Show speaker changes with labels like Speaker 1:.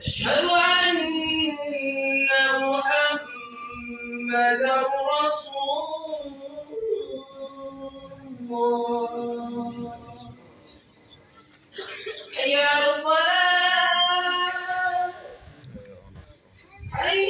Speaker 1: أشهد أن محمدا رسول الله حي على الصلاة حي